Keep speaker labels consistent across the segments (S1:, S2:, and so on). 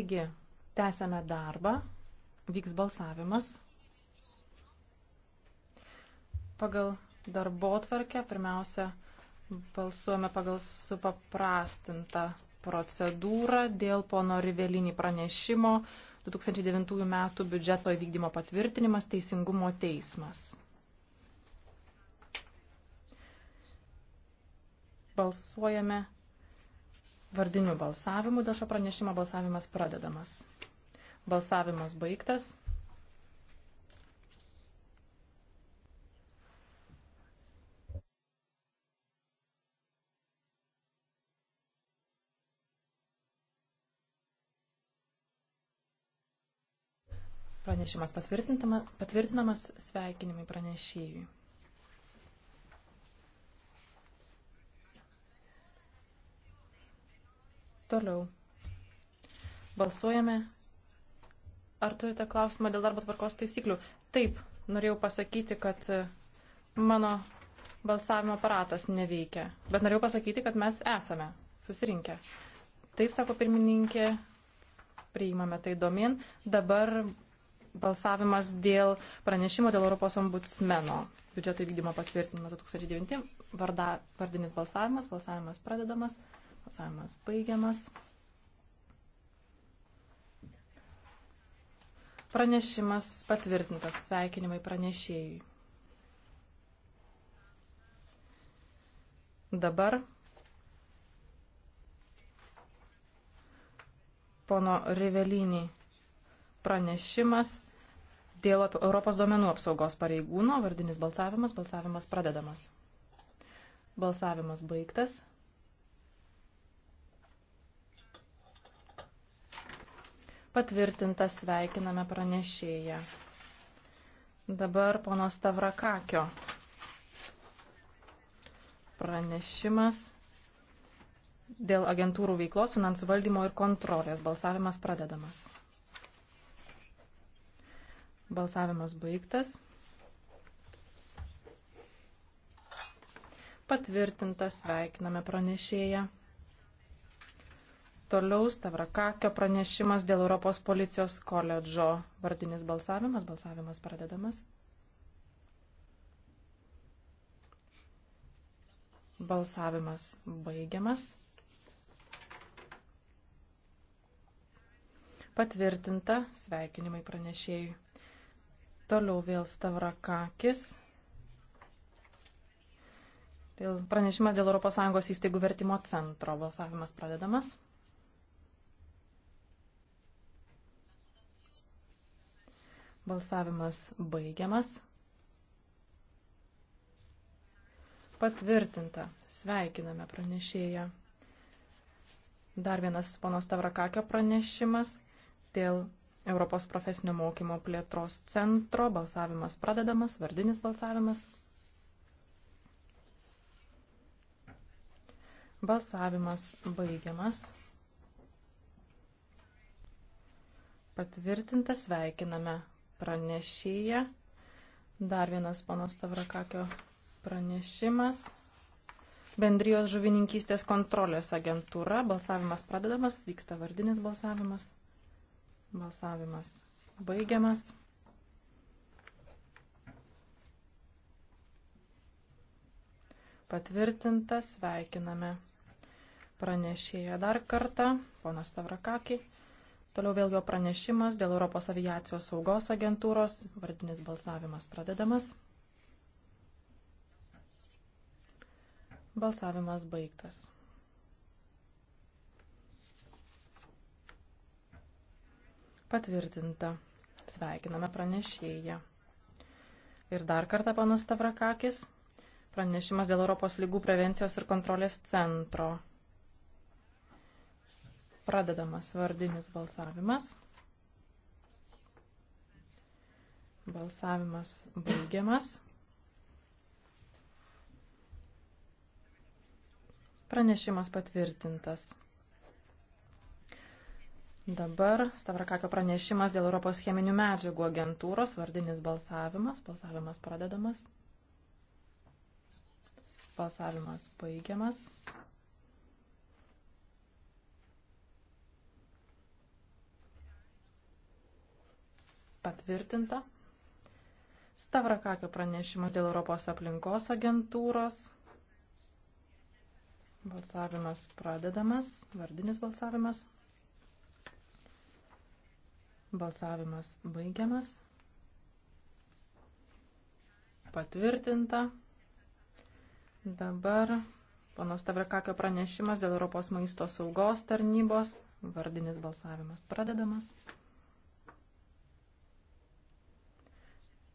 S1: Taigi, tęsiame darbą, vyks balsavimas. Pagal darbo tvarkę pirmiausia balsuojame pagal supaprastintą procedūrą dėl pono Rivelinį pranešimo 2009 m. biudžeto įvykdymo patvirtinimas Teisingumo teismas. Balsuojame Vardiniu balsavimu dėl šio pranešimo balsavimas pradedamas. Balsavimas baigtas. Pranešimas patvirtinamas, sveikinimai pranešėjui. Toliau. Balsuojame. Ar turite klausimą dėl darbo tvarkos taisyklių? Taip, norėjau pasakyti, kad e, mano balsavimo aparatas neveikia. Bet norėjau pasakyti, kad mes esame susirinkę. Taip, sako pirmininkė, priimame tai domin. Dabar balsavimas dėl pranešimo dėl Europos ombudsmeno biudžeto įvykdymo patvirtinimo 2009. Varda, vardinis balsavimas, balsavimas pradedamas. Balsavimas baigiamas. Pranešimas patvirtintas sveikinimai pranešėjui. Dabar pono Rivelinį pranešimas dėl Europos duomenų apsaugos pareigūno vardinis balsavimas, balsavimas pradedamas. Balsavimas baigtas. Patvirtintas sveikiname pranešėją. Dabar pono Stavrakakio pranešimas dėl agentūrų veiklos, finansų valdymo ir kontrolės. Balsavimas pradedamas. Balsavimas baigtas. Patvirtintas sveikiname pranešėją. Toliau Stavrakakio pranešimas dėl Europos policijos koledžo. Vardinis balsavimas, balsavimas pradedamas. Balsavimas baigiamas. Patvirtinta, sveikinimai pranešėjui. Toliau vėl Stavrakakis. Vėl pranešimas dėl ES įstaigų vertimo centro. Balsavimas pradedamas. Balsavimas baigiamas. Patvirtinta. Sveikiname pranešėją. Dar vienas ponos Tavrakakio pranešimas dėl Europos profesinio mokymo plėtros centro. Balsavimas pradedamas, vardinis balsavimas. Balsavimas baigiamas. Patvirtinta sveikiname pranešėja. Dar vienas panos Tavrakakio pranešimas. Bendrijos žuvininkystės kontrolės agentūra. Balsavimas pradedamas, vyksta vardinis balsavimas. Balsavimas baigiamas. Patvirtintas, sveikiname pranešėją dar kartą, ponas Tavrakakį. Toliau vėl jo pranešimas dėl Europos aviacijos saugos agentūros. Vardinis balsavimas pradedamas. Balsavimas baigtas. Patvirtinta. Sveikiname pranešėją. Ir dar kartą panas Tavrakakis. Pranešimas dėl Europos lygų prevencijos ir kontrolės centro. Pradedamas vardinis balsavimas. Balsavimas baigiamas. Pranešimas patvirtintas. Dabar Stavrakakio pranešimas dėl Europos cheminių medžiagų agentūros, vardinis balsavimas, balsavimas pradedamas, balsavimas baigiamas. patvirtinta. Stavrakakio pranešimas dėl Europos aplinkos agentūros. Balsavimas pradedamas, vardinis balsavimas. Balsavimas baigiamas. Patvirtinta. Dabar Pono Stavrakakio pranešimas dėl Europos maisto saugos tarnybos. Vardinis balsavimas pradedamas.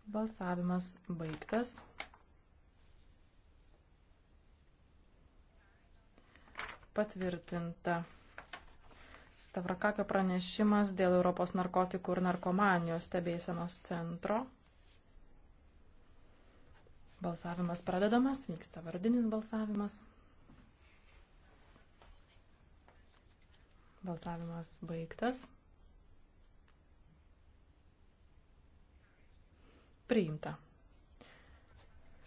S1: Balsavimas baigtas. Patvirtinta. Stavrakakio pranešimas dėl Europos narkotikų ir narkomanijos stebėsenos centro. Balsavimas pradedamas, vyksta vardinis balsavimas. Balsavimas baigtas. Priimta.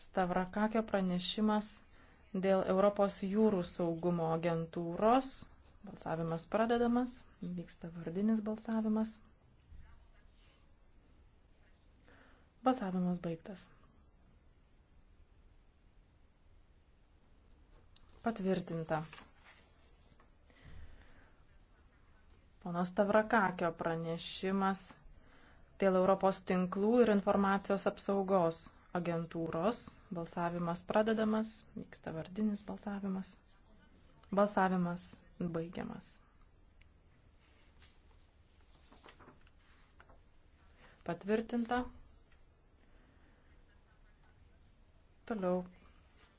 S1: Stavrakakio pranešimas dėl Europos jūrų saugumo agentūros. Balsavimas pradedamas. Vyksta vardinis balsavimas. Balsavimas baigtas. Patvirtinta. Pono Stavrakakio pranešimas dėl Europos tinklų ir informacijos apsaugos agentūros. Balsavimas pradedamas, vyksta vardinis balsavimas. Balsavimas baigiamas. Patvirtinta. Toliau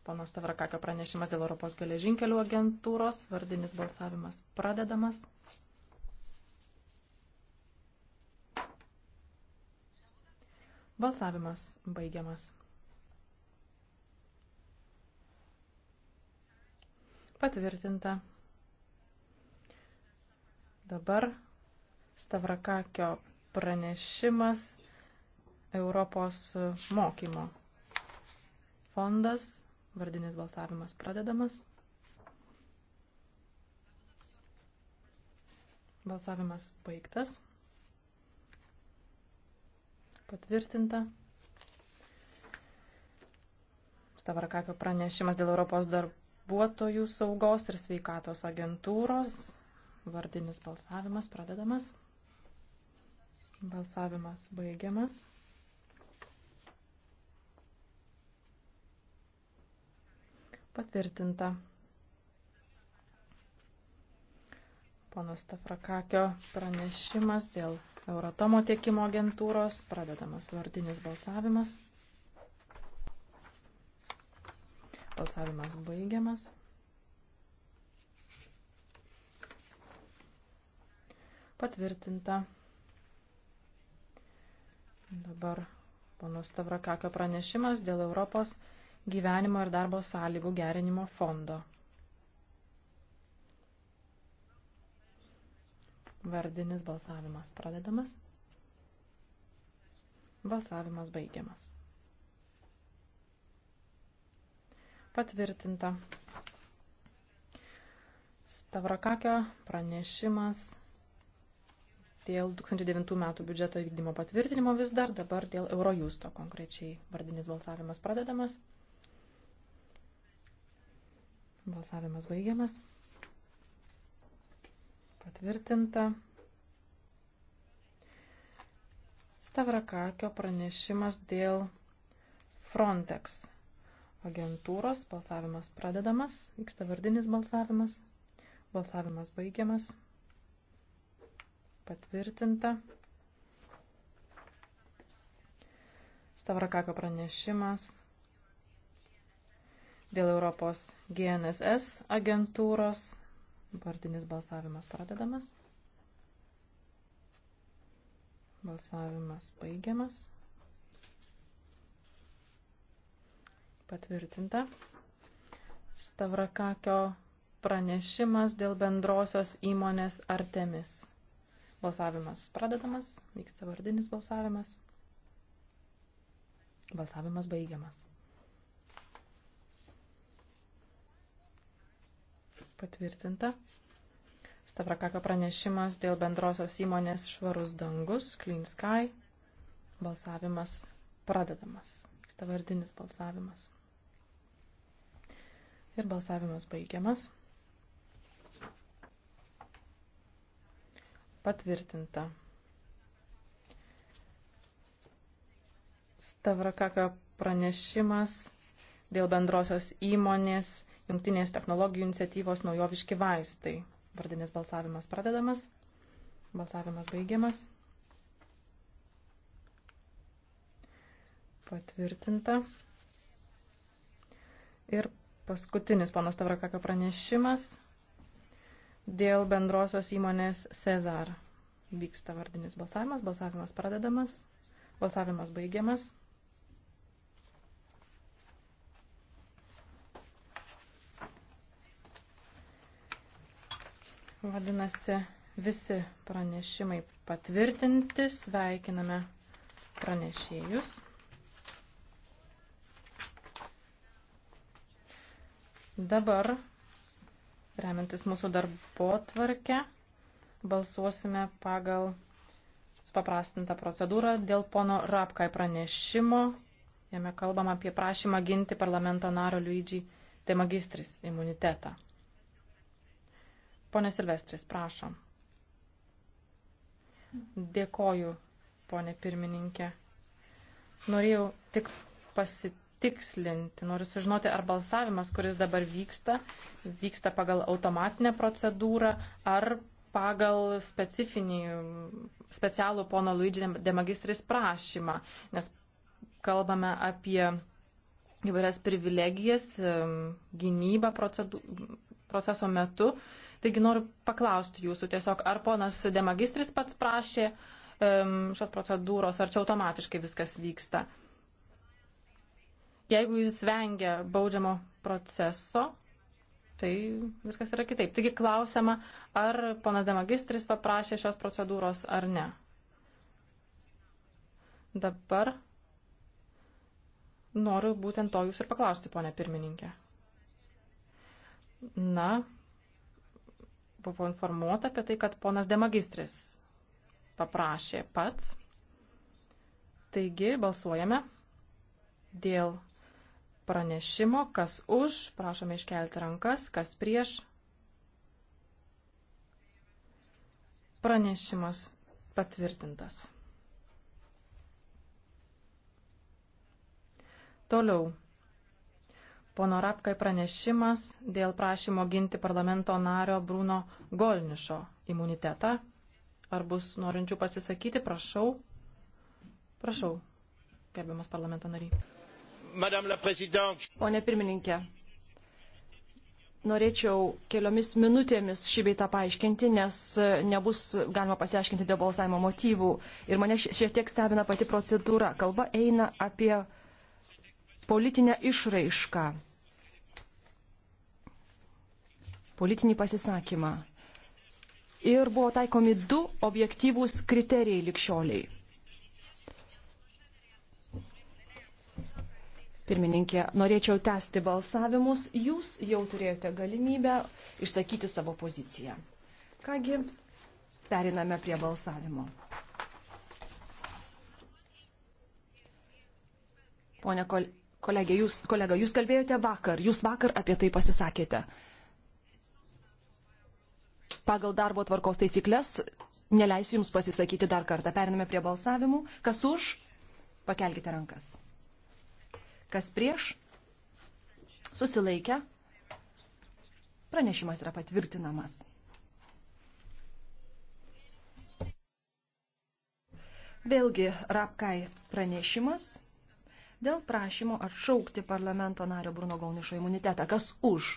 S1: Pono Stavrakakio pranešimas dėl Europos geležinkelių agentūros, vardinis balsavimas pradedamas. Balsavimas baigiamas. Patvirtinta. Dabar Stavrakakio pranešimas Europos mokymo fondas. Vardinis balsavimas pradedamas. Balsavimas baigtas. Patvirtinta. Stavrakakio pranešimas dėl Europos darbuotojų saugos ir sveikatos agentūros. Vardinis balsavimas pradedamas. Balsavimas baigiamas. Patvirtinta. Pono Stafrakakio pranešimas dėl Euratomo tiekimo agentūros. Pradedamas vardinis balsavimas. Balsavimas baigiamas. Patvirtinta. Dabar pono Stavrakaka pranešimas dėl Europos gyvenimo ir darbo sąlygų gerinimo fondo. Vardinis balsavimas pradedamas. Balsavimas baigiamas. Patvirtinta. Stavrakakio pranešimas dėl 2009 metų biudžeto įvykdymo patvirtinimo vis dar, dabar dėl Eurojusto konkrečiai vardinis balsavimas pradedamas. Balsavimas baigiamas patvirtinta. Stavrakakio pranešimas dėl Frontex agentūros. Balsavimas pradedamas, vyksta vardinis balsavimas, balsavimas baigiamas, patvirtinta. Stavrakakio pranešimas dėl Europos GNSS agentūros Partinis balsavimas pradedamas. Balsavimas baigiamas. Patvirtinta. Stavrakakio pranešimas dėl bendrosios įmonės Artemis. Balsavimas pradedamas, vyksta vardinis balsavimas. Balsavimas baigiamas. Patvirtinta. Stavrakako pranešimas dėl bendrosios įmonės švarus dangus, Clean Sky. Balsavimas pradedamas. Stavardinis balsavimas. Ir balsavimas baigiamas. Patvirtinta. Stavrakaka pranešimas dėl bendrosios įmonės jungtinės technologijų iniciatyvos naujoviški vaistai. Vardinis balsavimas pradedamas, balsavimas baigiamas. Patvirtinta. Ir paskutinis ponas Tavrakaka pranešimas dėl bendrosios įmonės Cezar. Vyksta vardinis balsavimas, balsavimas pradedamas, balsavimas baigiamas. Vadinasi, visi pranešimai patvirtinti. Sveikiname pranešėjus. Dabar, remiantis mūsų darbo tvarkę, balsuosime pagal supaprastintą procedūrą dėl pono Rapkai pranešimo. Jame kalbam apie prašymą ginti parlamento naro Luigi de Magistris imunitetą. Pone Silvestris, prašom. Dėkoju, ponė pirmininkė. Norėjau tik pasitikslinti, noriu sužinoti, ar balsavimas, kuris dabar vyksta, vyksta pagal automatinę procedūrą, ar pagal specifinį, specialų pono Luigi demagistris prašymą, nes kalbame apie įvairias privilegijas, gynybą procesu metu Taigi noriu paklausti jūsų tiesiog, ar ponas Demagistris pats prašė um, šios procedūros, ar čia automatiškai viskas vyksta. Jeigu jis vengia baudžiamo proceso, tai viskas yra kitaip. Taigi klausiama, ar ponas Demagistris paprašė šios procedūros ar ne. Dabar noriu būtent to jūs ir paklausti, ponė pirmininkė. Na, buvo informuota apie tai, kad ponas Demagistris paprašė pats. Taigi balsuojame dėl pranešimo, kas už, prašome iškelti rankas, kas prieš. Pranešimas patvirtintas. Toliau pono Rapkai pranešimas dėl prašymo ginti parlamento nario Bruno Golnišo imunitetą. Ar bus norinčių pasisakyti? Prašau. Prašau, gerbiamas parlamento nariai.
S2: Pone pirmininkė, norėčiau keliomis minutėmis šį beitą paaiškinti, nes nebus galima pasiaiškinti dėl balsavimo motyvų. Ir mane šiek tiek stebina pati procedūra. Kalba eina apie politinę išraišką. politinį pasisakymą. Ir buvo taikomi du objektyvūs kriterijai likščioliai. Pirmininkė, norėčiau tęsti balsavimus. Jūs jau turėjote galimybę išsakyti savo poziciją. Kągi, periname prie balsavimo. Pone kolegė, jūs, kolega, jūs kalbėjote vakar, jūs vakar apie tai pasisakėte pagal darbo tvarkos taisyklės neleisiu Jums pasisakyti dar kartą. Periname prie balsavimų. Kas už? Pakelkite rankas. Kas prieš? Susilaikę. Pranešimas yra patvirtinamas. Vėlgi Rapkai pranešimas dėl prašymo atšaukti parlamento nario Bruno Gaunišo imunitetą. Kas už?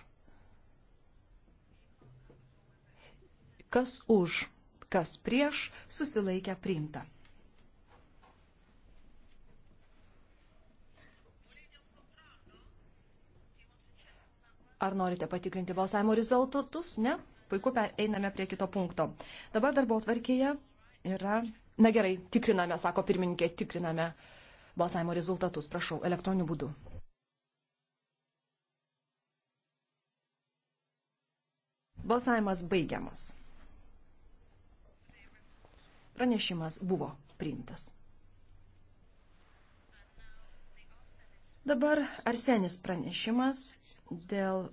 S2: kas už, kas prieš, susilaikę priimta. Ar norite patikrinti balsavimo rezultatus? Ne? Puiku, einame prie kito punkto. Dabar darbo atvarkėje yra... Na gerai, tikriname, sako pirmininkė, tikriname balsavimo rezultatus, prašau, elektroniniu būdu. Balsavimas baigiamas. Pranešimas buvo priimtas. Dabar Arsenis pranešimas dėl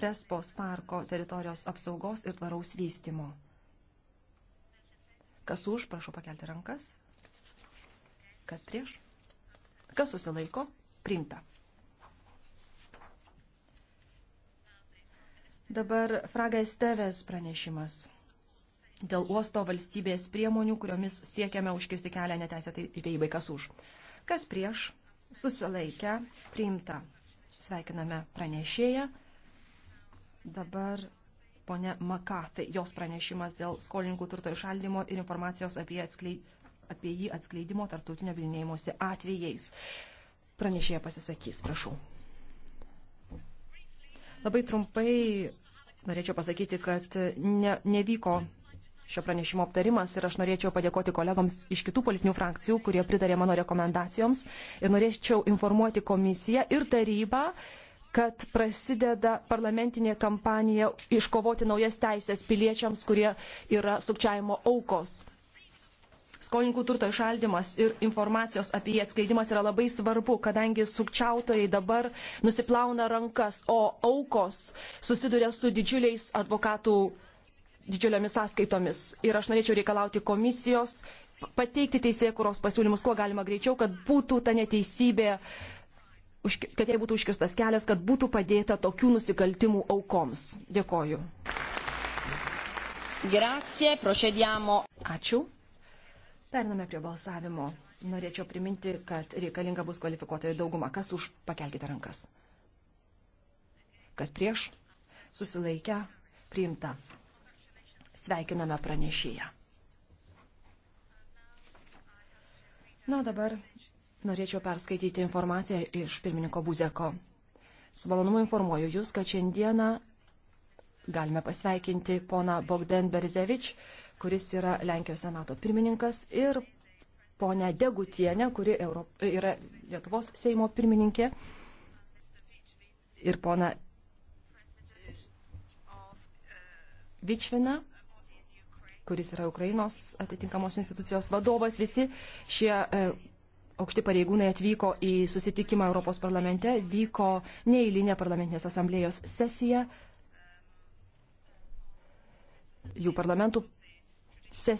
S2: Prespos parko teritorijos apsaugos ir tvaraus vystimo. Kas už, prašau pakelti rankas. Kas prieš? Kas susilaiko? Primta. Dabar Fraga Esteves pranešimas dėl uosto valstybės priemonių, kuriomis siekiame užkisti kelią neteisėtai žvejybai. Kas už? Kas prieš? Susilaikę, priimta. Sveikiname pranešėją. Dabar ponia Makatai, jos pranešimas dėl skolininkų turto išaldymo ir informacijos apie, atskleid, apie jį atskleidimo tarptautinio bilinėjimuose atvejais. Pranešėja pasisakys, prašau. Labai trumpai norėčiau pasakyti, kad ne, nevyko šio pranešimo aptarimas ir aš norėčiau padėkoti kolegoms iš kitų politinių frakcijų, kurie pritarė mano rekomendacijoms ir norėčiau informuoti komisiją ir tarybą, kad prasideda parlamentinė kampanija iškovoti naujas teisės piliečiams, kurie yra sukčiavimo aukos. Skolininkų turto išaldimas ir informacijos apie jį atskleidimas yra labai svarbu, kadangi sukčiautojai dabar nusiplauna rankas, o aukos susiduria su didžiuliais advokatų didžiuliomis sąskaitomis. Ir aš norėčiau reikalauti komisijos pateikti teisėkuros pasiūlymus kuo galima greičiau, kad būtų ta neteisybė, kad jai būtų užkirstas kelias, kad būtų padėta tokių nusikaltimų aukoms. Dėkoju. Grazie, procediamo. Ačiū. Pername prie balsavimo. Norėčiau priminti, kad reikalinga bus kvalifikuotoji dauguma. Kas už? Pakelkite rankas. Kas prieš? Susilaikę? Priimta. Sveikiname pranešėją. Na, dabar norėčiau perskaityti informaciją iš pirmininko Buzeko. Su malonumu informuoju Jūs, kad šiandieną galime pasveikinti poną Bogdan Berzevič, kuris yra Lenkijos senato pirmininkas, ir ponę Degutienę, kuri Euro... yra Lietuvos Seimo pirmininkė, ir poną Vičviną kuris yra Ukrainos atitinkamos institucijos vadovas, visi šie e, aukšti pareigūnai atvyko į susitikimą Europos parlamente, vyko neįlinė parlamentinės asamblėjos sesija, jų parlamentų sesija.